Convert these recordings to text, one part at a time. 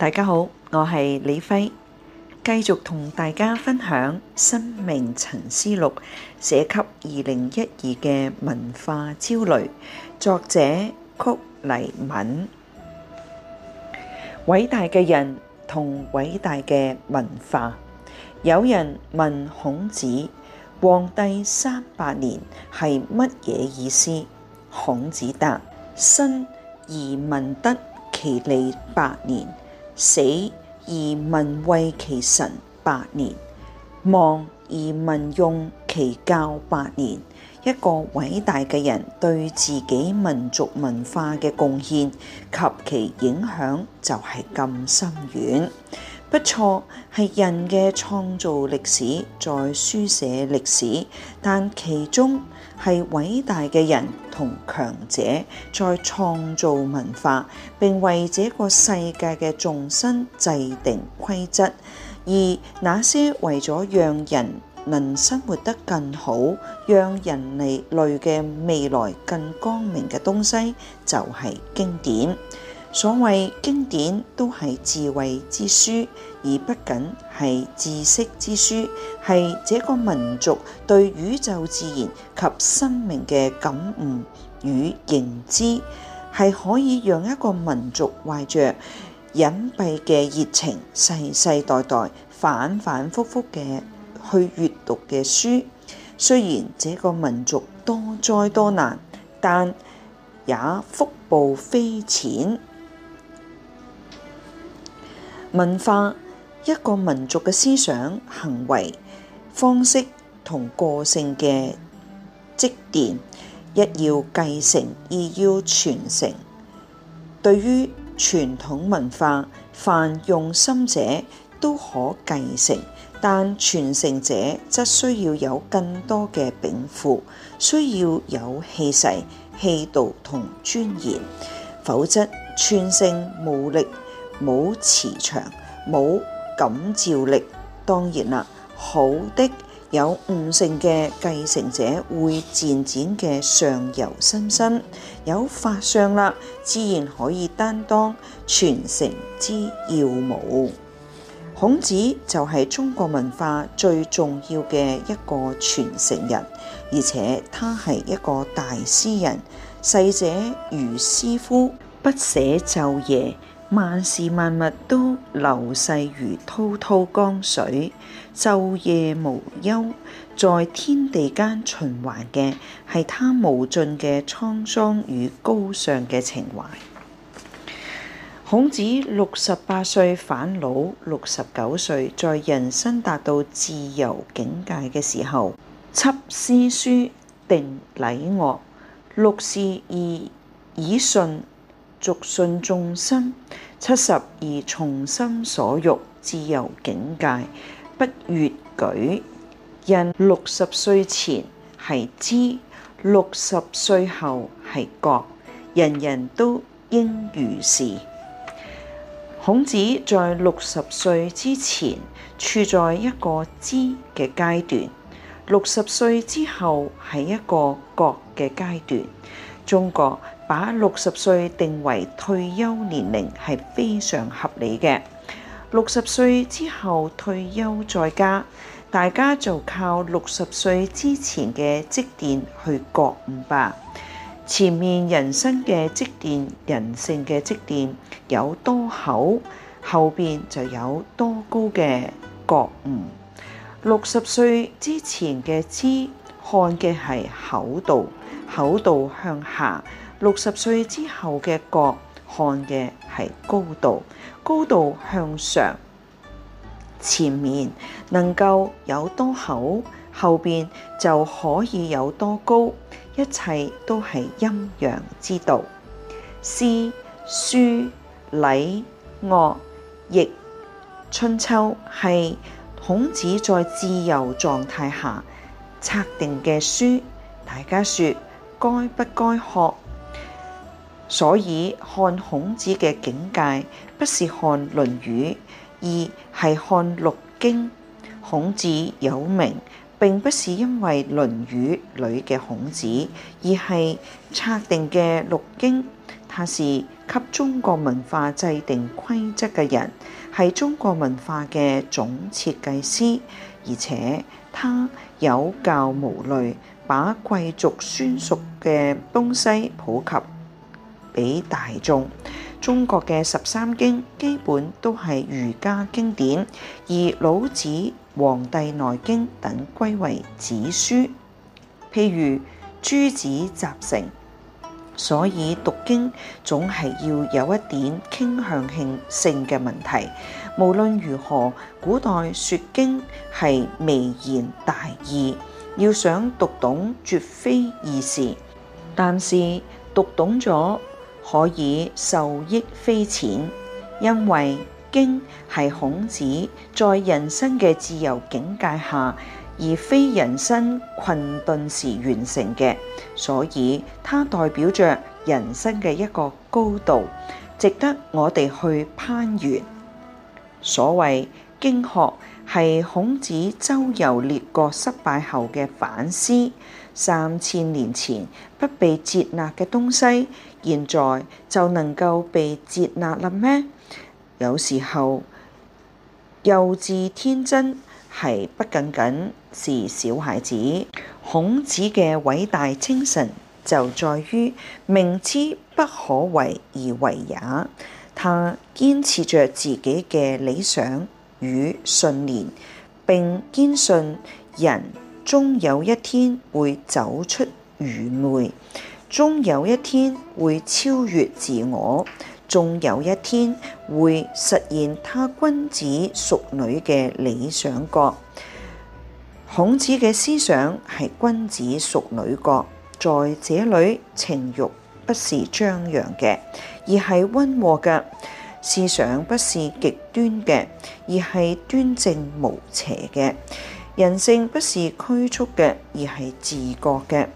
大家好，我係李輝，繼續同大家分享《生命沉思錄》寫給二零一二嘅文化焦慮。作者曲黎敏。偉大嘅人同偉大嘅文化。有人問孔子：「皇帝三百年係乜嘢意思？」孔子答：「身而民得其利百年。」死而民畏其神百年，亡而民用其教百年。一個偉大嘅人對自己民族文化嘅貢獻及其影響就係咁深遠。不錯，係人嘅創造歷史在書寫歷史，但其中係偉大嘅人。同強者在創造文化，並為這個世界嘅眾生制定規則。而那些為咗讓人能生活得更好，讓人類類嘅未來更光明嘅東西，就係、是、經典。所謂經典都係智慧之書，而不僅係知識之書，係這個民族對宇宙自然及生命嘅感悟與認知，係可以讓一個民族懷着隱蔽嘅熱情，世世代代反反覆覆嘅去閱讀嘅書。雖然這個民族多災多難，但也福報非淺。文化一個民族嘅思想、行為方式同個性嘅積澱，一要繼承，二要傳承。對於傳統文化，凡用心者都可繼承，但傳承者則需要有更多嘅稟賦，需要有氣勢、氣度同尊嚴，否則傳承無力。冇磁場，冇感召力。當然啦，好的有悟性嘅繼承者會漸漸嘅上游身身有發相啦，自然可以擔當傳承之要務。孔子就係中國文化最重要嘅一個傳承人，而且他係一個大詩人，逝者如斯夫，不捨晝夜。萬事萬物都流逝如滔滔江水，晝夜無休，在天地間循環嘅係他無盡嘅滄桑與高尚嘅情懷。孔子六十八歲返老，六十九歲在人生達到自由境界嘅時候，輯詩書，定禮樂，六事二以順。以信逐信眾生七十而從心所欲，自由境界不越矩。人六十歲前係知，六十歲後係覺，人人都應如是。孔子在六十歲之前處在一個知嘅階段，六十歲之後係一個覺嘅階段。中國。把六十歲定為退休年齡係非常合理嘅。六十歲之後退休在家，大家就靠六十歲之前嘅積澱去覺悟吧。前面人生嘅積澱、人性嘅積澱有多厚，後邊就有多高嘅覺悟。六十歲之前嘅知看嘅係厚度，厚度向下。六十歲之後嘅角看嘅係高度，高度向上。前面能夠有多厚，後邊就可以有多高。一切都係陰陽之道。詩書禮樂，易春秋係孔子在自由狀態下測定嘅書。大家説，該不該學？所以看孔子嘅境界，不是看《論語》，而係看《六經》。孔子有名，並不是因為《論語》裏嘅孔子，而係策定嘅《六經》，他是給中國文化制定規則嘅人，係中國文化嘅總設計師，而且他有教無類，把貴族宣屬嘅東西普及。俾大眾，中國嘅十三經基本都係儒家經典，而老子、黃帝內經等歸為子書。譬如《諸子集成》，所以讀經總係要有一點傾向性性嘅問題。無論如何，古代説經係微言大義，要想讀懂絕非易事。但是讀懂咗。可以受益匪淺，因為經係孔子在人生嘅自由境界下，而非人生困頓時完成嘅，所以它代表着人生嘅一個高度，值得我哋去攀越。所謂經學，係孔子周遊列國失敗後嘅反思。三千年前不被接納嘅東西，現在就能夠被接納啦咩？有時候，幼稚天真係不僅僅是小孩子。孔子嘅偉大精神就在於明知不可為而為也，他堅持着自己嘅理想與信念，並堅信人。終有一天會走出愚昧，終有一天會超越自我，終有一天會實現他君子淑女嘅理想國。孔子嘅思想係君子淑女國，在這裏情欲不是張揚嘅，而係温和嘅；思想不是極端嘅，而係端正無邪嘅。人性不是拘束嘅，而係自覺嘅。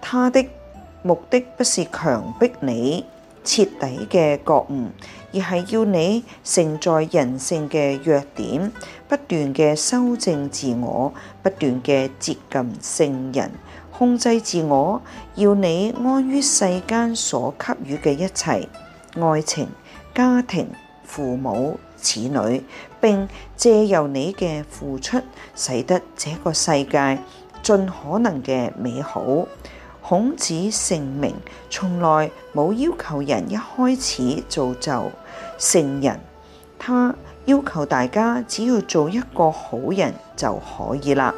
他的目的不是強迫你徹底嘅覺悟，而係要你承載人性嘅弱點，不斷嘅修正自我，不斷嘅接近聖人，控制自我，要你安於世間所給予嘅一切，愛情、家庭、父母、子女。並借由你嘅付出，使得這個世界盡可能嘅美好。孔子姓名，從來冇要求人一開始造就聖人，他要求大家只要做一個好人就可以啦。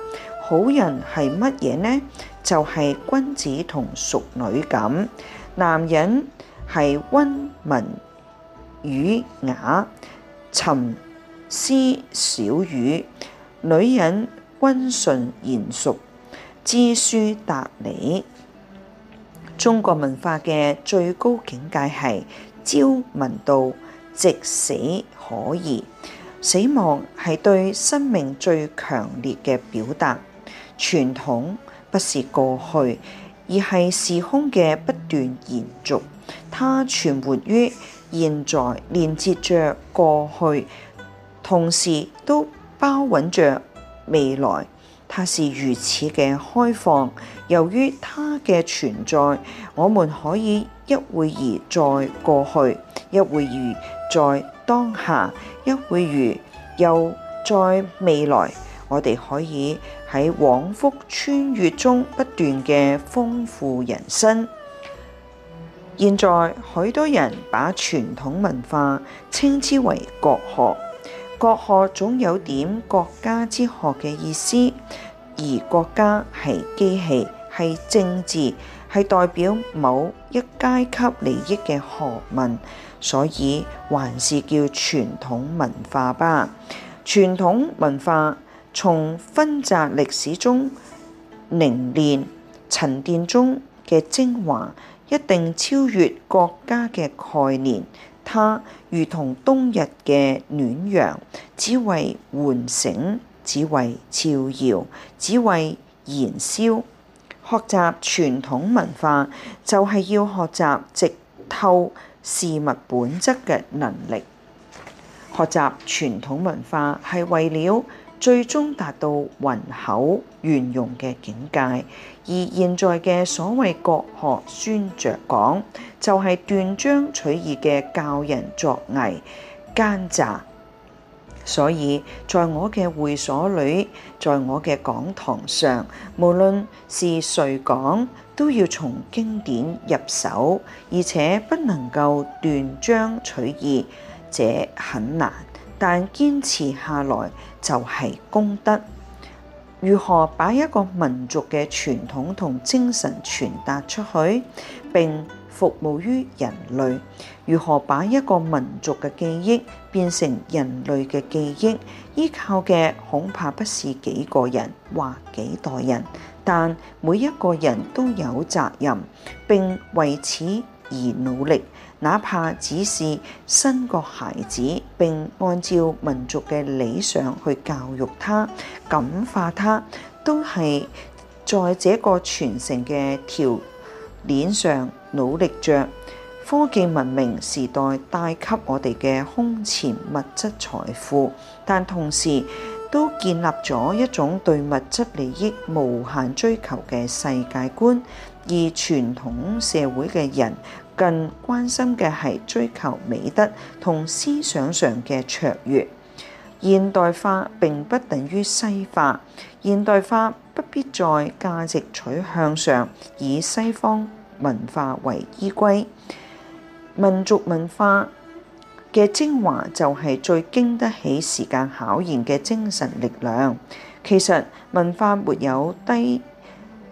好人係乜嘢呢？就係、是、君子同淑女咁。男人係溫文儒雅、沉。詩小雨，女人溫順賢淑，知書達理。中國文化嘅最高境界係朝聞道，夕死可矣。死亡係對生命最強烈嘅表達。傳統不是過去，而係時空嘅不斷延續，它存活於現在，連接着過去。同時都包蘊着未來，它是如此嘅開放。由於它嘅存在，我們可以一會兒在過去，一會兒在當下，一會兒又在未來。我哋可以喺往復穿越中不斷嘅豐富人生。現在許多人把傳統文化稱之為國學。國學總有點國家之學嘅意思，而國家係機器，係政治，係代表某一階級利益嘅學問，所以還是叫傳統文化吧。傳統文化從紛雜歷史中凝練、沉澱中嘅精華，一定超越國家嘅概念。它如同冬日嘅暖陽，只為喚醒，只為照耀，只為燃燒。學習傳統文化就係、是、要學習直透事物本質嘅能力。學習傳統文化係為了，最終達到渾厚圓融嘅境界，而現在嘅所謂國學宣着講，就係、是、斷章取義嘅教人作偽奸詐。所以在我嘅會所裏，在我嘅講堂上，無論是誰講，都要從經典入手，而且不能夠斷章取義，這很難。但堅持下來就係功德。如何把一個民族嘅傳統同精神傳達出去，並服務於人類？如何把一個民族嘅記憶變成人類嘅記憶？依靠嘅恐怕不是幾個人或幾代人，但每一個人都有責任，並為此而努力。哪怕只是生個孩子，並按照民族嘅理想去教育他、感化他，都係在這個傳承嘅條鏈上努力着。科技文明時代帶給我哋嘅空前物質財富，但同時都建立咗一種對物質利益無限追求嘅世界觀，而傳統社會嘅人。更關心嘅係追求美德同思想上嘅卓越。現代化並不等於西化，現代化不必在價值取向上以西方文化為依歸。民族文化嘅精華就係最經得起時間考驗嘅精神力量。其實，文化沒有低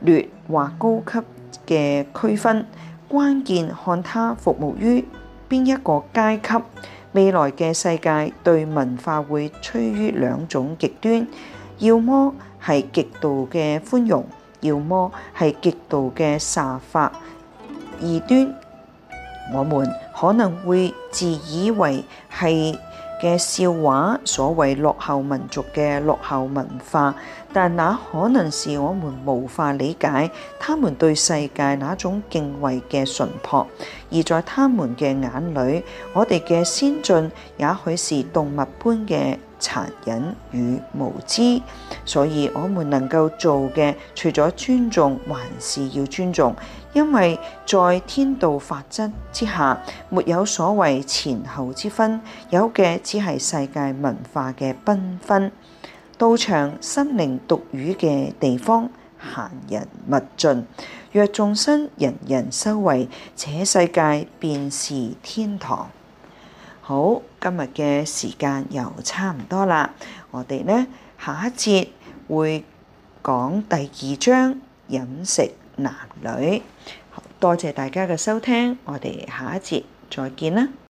劣或高級嘅區分。關鍵看他服務於邊一個階級。未來嘅世界對文化會趨於兩種極端，要麼係極度嘅寬容，要麼係極度嘅殺伐。異端，我們可能會自以為係嘅笑話，所謂落後民族嘅落後文化，但那可能是我們無法理解，他們對世界那種敬畏嘅純樸；而在他們嘅眼裏，我哋嘅先進，也許是動物般嘅殘忍與無知，所以我們能夠做嘅，除咗尊重，還是要尊重，因為在天道法則之下，沒有所謂前後之分，有嘅只係世界文化嘅繽紛。道場心靈獨語嘅地方，閒人勿進。若眾生人人修為，這世界便是天堂。好。今日嘅時間又差唔多啦，我哋呢下一節會講第二章飲食男女。多謝大家嘅收聽，我哋下一節再見啦。